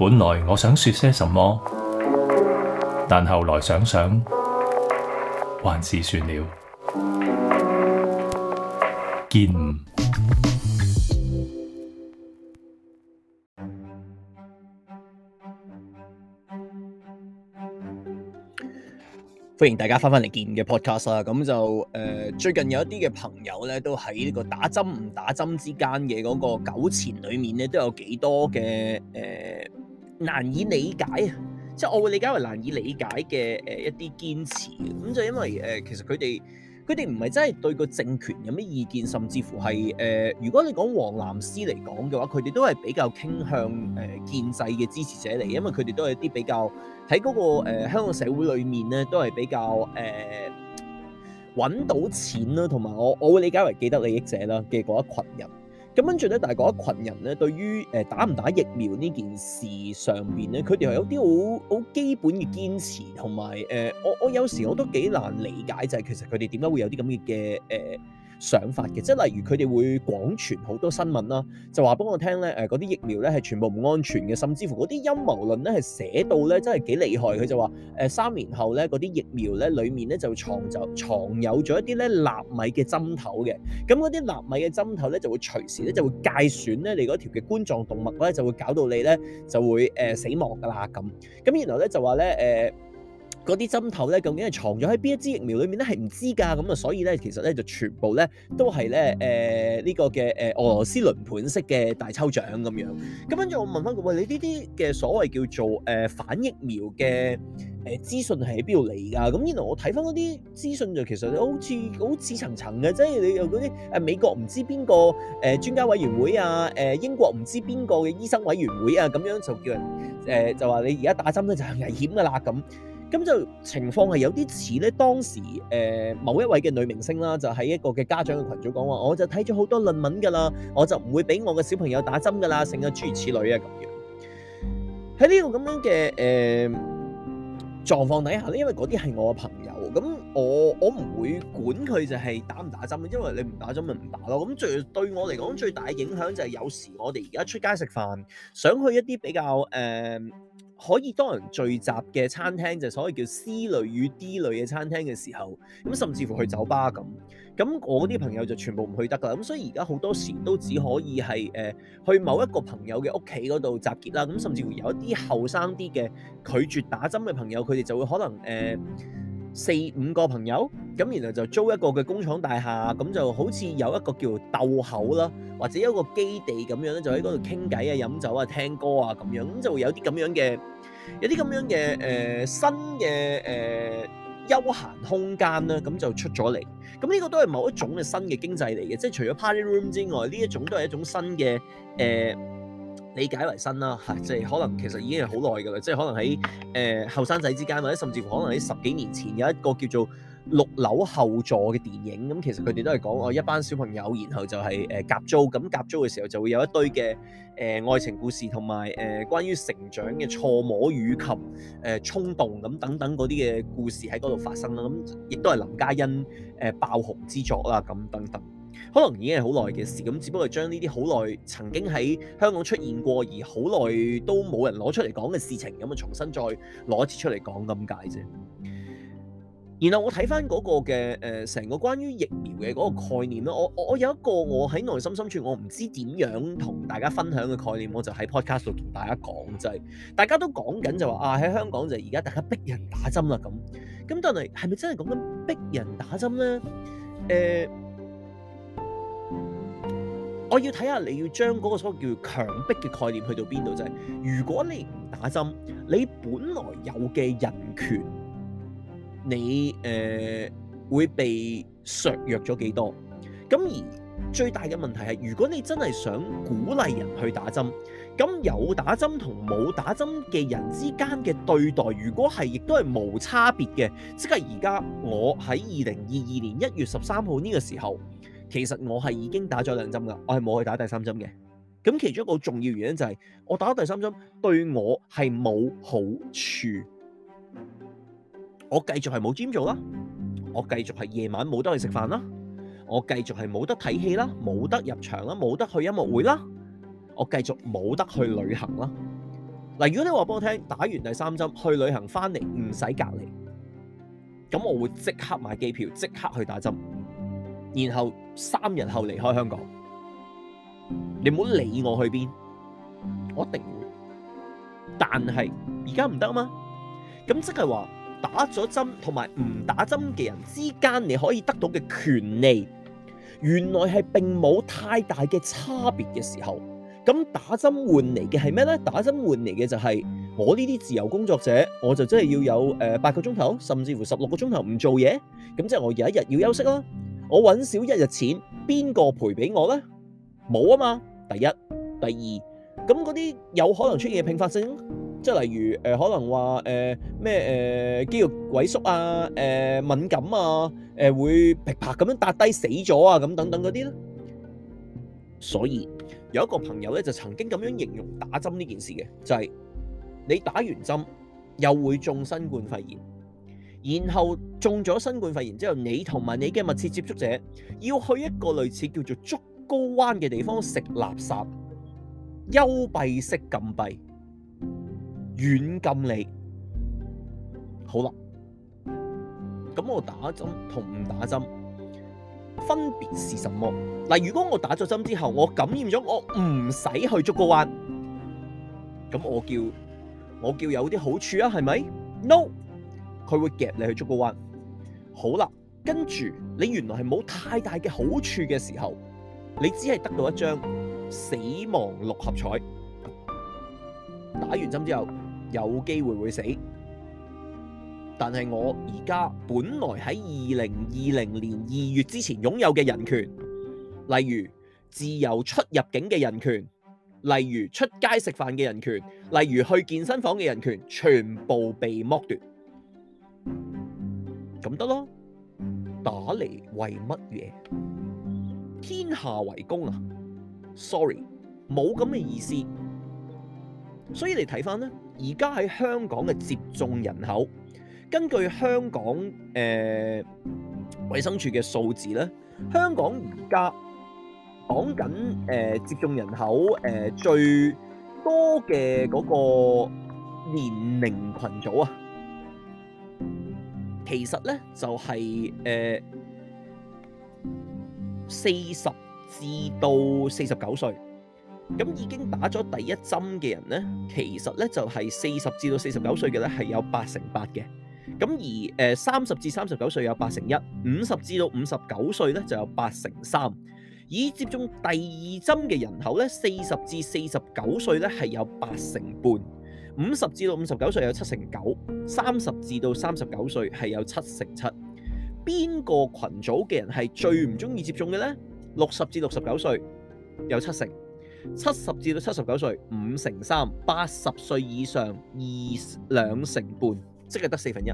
本來我想說些什麼，但後來想想，還是算了。見，歡迎大家翻返嚟見嘅 podcast 啦。咁就誒，最近有一啲嘅朋友咧，都喺呢個打針唔打針之間嘅嗰個糾纏裏面咧，都有幾多嘅誒。難以理解，即係我會理解為難以理解嘅、誒一啲堅持，咁就因為誒、呃、其實佢哋佢哋唔係真係對個政權有咩意見，甚至乎係誒、呃、如果你講黃藍絲嚟講嘅話，佢哋都係比較傾向誒、呃、建制嘅支持者嚟，因為佢哋都係啲比較喺嗰、那個、呃、香港社會裏面咧都係比較誒揾、呃、到錢啦，同埋我我會理解為既得利益者啦嘅嗰一群人。咁跟住咧，但係一群人咧，對於、呃、打唔打疫苗呢件事上面呢，咧，佢哋係有啲好好基本嘅堅持，同埋、呃、我我有時我都幾難理解，就係其實佢哋點解會有啲咁嘅、呃想法嘅，即係例如佢哋會廣傳好多新聞啦，就話俾我聽咧，誒嗰啲疫苗咧係全部唔安全嘅，甚至乎嗰啲陰謀論咧係寫到咧真係幾厲害，佢就話誒三年後咧嗰啲疫苗咧裡面咧就藏就藏有咗一啲咧納米嘅針頭嘅，咁嗰啲納米嘅針頭咧就會隨時咧就會介損咧你嗰條嘅冠狀動脈咧就會搞到你咧就會誒、呃、死亡㗎啦咁，咁然後咧就話咧誒。呃嗰啲針頭咧，究竟係藏咗喺邊一支疫苗裏面咧，係唔知㗎咁啊。所以咧，其實咧就全部咧都係咧誒呢個嘅誒俄羅斯輪盤式嘅大抽獎咁樣。咁跟住我問翻佢：喂，你呢啲嘅所謂叫做誒反疫苗嘅誒資訊係喺邊度嚟㗎？咁原來我睇翻嗰啲資訊就其實好似好似層層嘅，即係你有嗰啲誒美國唔知邊個誒專家委員會啊，誒英國唔知邊個嘅醫生委員會啊，咁樣就叫人誒、呃、就話你而家打針咧就係危險㗎啦咁。咁就情況係有啲似咧當時誒、呃、某一位嘅女明星啦，就喺一個嘅家長嘅群組講話，我就睇咗好多論文噶啦，我就唔會俾我嘅小朋友打針噶啦，成日諸如此類啊咁樣。喺呢個咁樣嘅誒、呃、狀況底下咧，因為嗰啲係我嘅朋友，咁我我唔會管佢就係打唔打針，因為你唔打針咪唔打咯。咁最對我嚟講最大嘅影響就係有時我哋而家出街食飯，想去一啲比較誒。呃可以多人聚集嘅餐廳就係、所謂叫 C 類與 D 類嘅餐廳嘅時候，咁甚至乎去酒吧咁，咁我啲朋友就全部唔去得噶啦。咁所以而家好多時都只可以係誒、呃、去某一個朋友嘅屋企嗰度集結啦。咁甚至乎有一啲後生啲嘅拒絕打針嘅朋友，佢哋就會可能誒。呃四五個朋友咁，然後就租一個嘅工廠大廈，咁就好似有一個叫鬥口啦，或者有一個基地咁樣咧，就喺嗰度傾偈啊、飲酒啊、聽歌啊咁樣，咁就會有啲咁樣嘅，有啲咁樣嘅誒、呃、新嘅誒休閒空間啦，咁就出咗嚟。咁呢個都係某一種嘅新嘅經濟嚟嘅，即係除咗 party room 之外，呢一種都係一種新嘅誒。呃理解為新啦嚇，即係可能其實已經係好耐㗎啦，即係可能喺誒後生仔之間，或者甚至乎可能喺十幾年前有一個叫做《六樓後座》嘅電影，咁其實佢哋都係講我一班小朋友，然後就係誒夾租，咁夾租嘅時候就會有一堆嘅誒、呃、愛情故事同埋誒關於成長嘅錯摸與及誒、呃、衝動咁等等嗰啲嘅故事喺嗰度發生啦，咁亦都係林嘉欣誒爆紅之作啦，咁等等。可能已經係好耐嘅事，咁只不過將呢啲好耐曾經喺香港出現過而好耐都冇人攞出嚟講嘅事情，咁啊重新再攞一次出嚟講咁解啫。然後我睇翻嗰個嘅誒成個關於疫苗嘅嗰個概念咧，我我有一個我喺內心深處，我唔知點樣同大家分享嘅概念，我就喺 podcast 度同大家講啫。就係、大家都講緊就話啊喺香港就而家大家逼人打針啦咁，咁但係係咪真係講緊逼人打針咧？誒、呃。我要睇下你要將嗰個所謂叫做強迫嘅概念去到邊度。就係，如果你唔打針，你本來有嘅人權，你誒、呃、會被削弱咗幾多？咁而最大嘅問題係，如果你真係想鼓勵人去打針，咁有打針同冇打針嘅人之間嘅對待，如果係亦都係冇差別嘅，即係而家我喺二零二二年一月十三號呢個時候。其實我係已經打咗兩針噶，我係冇去打第三針嘅。咁其中一個重要原因就係、是、我打咗第三針對我係冇好處。我繼續係冇 gym 做啦，我繼續係夜晚冇得去食飯啦，我繼續係冇得睇戲啦，冇得入場啦，冇得去音樂會啦，我繼續冇得去旅行啦。嗱，如果你話畀我聽打完第三針去旅行翻嚟唔使隔離，咁我會即刻買機票，即刻去打針。然後三日後離開香港，你唔好理我去邊，我定。但係而家唔得吖嘛，咁即係話打咗針同埋唔打針嘅人之間，你可以得到嘅權利原來係並冇太大嘅差別嘅時候，咁打針換嚟嘅係咩咧？打針換嚟嘅就係：我呢啲自由工作者，我就真係要有誒八個鐘頭，甚至乎十六個鐘頭唔做嘢，咁即係我有一日要休息啦。我搵少一日錢，邊個賠俾我咧？冇啊嘛！第一、第二，咁嗰啲有可能出現嘅併發症，即係例如誒、呃，可能話誒咩誒肌肉萎縮啊，誒、呃、敏感啊，誒、呃、會啪啪咁樣打低死咗啊，咁等等嗰啲咧。所以有一個朋友咧就曾經咁樣形容打針呢件事嘅，就係、是、你打完針又會中新冠肺炎。然後中咗新冠肺炎之後，你同埋你嘅密切接觸者要去一個類似叫做竹篙灣嘅地方食垃圾，幽閉式禁閉，遠禁你。好啦，咁我打針同唔打針分別是什麼？嗱，如果我打咗針之後，我感染咗，我唔使去竹篙灣，咁我叫我叫有啲好處啊，係咪？No。佢會夾你去捉個彎，好啦，跟住你原來係冇太大嘅好處嘅時候，你只係得到一張死亡六合彩。打完針之後有機會會死，但係我而家本來喺二零二零年二月之前擁有嘅人權，例如自由出入境嘅人權，例如出街食飯嘅人權，例如去健身房嘅人權，全部被剝奪。咁得咯，打嚟為乜嘢？天下為公啊？Sorry，冇咁嘅意思。所以你睇翻咧，而家喺香港嘅接種人口，根據香港誒、呃、衞生署嘅數字咧，香港而家講緊誒接種人口、呃、最多嘅嗰個年齡群組啊。其實咧就係誒四十至到四十九歲，咁、呃、已經打咗第一針嘅人咧，其實咧就係四十至到四十九歲嘅咧係有八成八嘅。咁而誒三十至三十九歲有八成一，五十至到五十九歲咧就有八成三，已接種第二針嘅人口咧，四十至四十九歲咧係有八成半。五十至到五十九歲有七成九，三十至到三十九歲係有七成七，邊個群組嘅人係最唔中意接種嘅呢？六十至六十九歲有七成，七十至到七十九歲五成三，八十歲以上二兩成半，即係得四分一。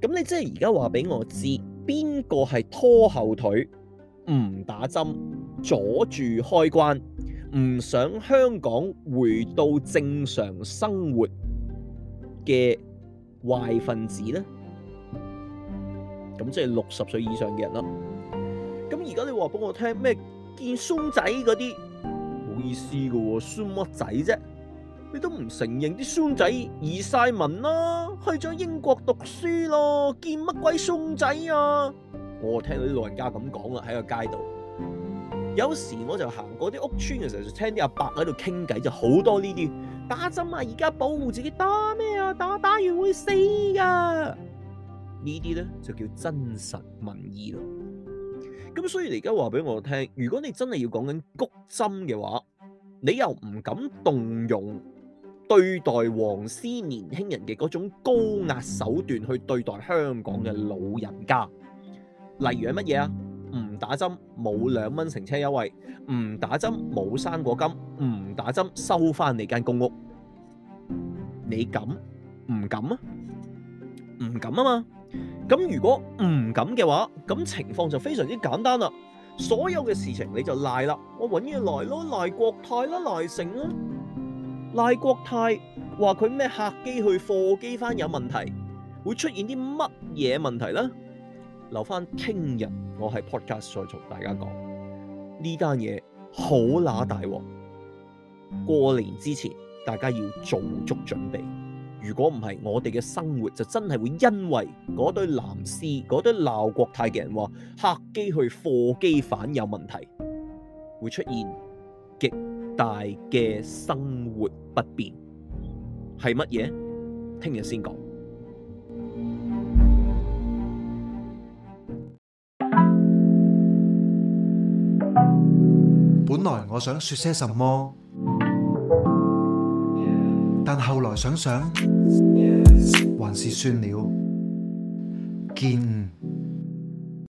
咁你即係而家話俾我知，邊個係拖後腿，唔打針，阻住開關？唔想香港回到正常生活嘅壞分子咧，咁即係六十歲以上嘅人啦。咁而家你話俾我聽咩見孫仔嗰啲，冇意思噶喎，孫乜仔啫？你都唔承認啲孫仔移晒民啦，去咗英國讀書咯，見乜鬼孫仔啊？我聽到啲老人家咁講呀，喺個街度。有時我就行過啲屋村嘅時候就，就聽啲阿伯喺度傾偈，就好多呢啲打針啊，而家保護自己打咩啊，打打完會死㗎！呢啲咧就叫真實民意咯。咁所以你而家話俾我聽，如果你真係要講緊谷針嘅話，你又唔敢動用對待黃絲年輕人嘅嗰種高壓手段去對待香港嘅老人家，例如係乜嘢啊？唔打針冇兩蚊乘車優惠，唔打針冇生果金，唔打針收翻你間公屋，你敢唔敢啊？唔敢啊嘛？咁如果唔敢嘅話，咁情況就非常之簡單啦。所有嘅事情你就賴啦，我揾嘢賴咯，賴國泰啦，賴成啦，賴國泰話佢咩客機去貨機翻有問題，會出現啲乜嘢問題咧？留翻聽日，我係 podcast 再同大家講呢單嘢好乸大鑊。過年之前，大家要做足準備。如果唔係，我哋嘅生活就真係會因為嗰對藍絲、嗰對鬧國泰嘅人話客機去貨機反有問題，會出現極大嘅生活不便。係乜嘢？聽日先講。本來我想說些什麼，但後來想想，還是算了。見。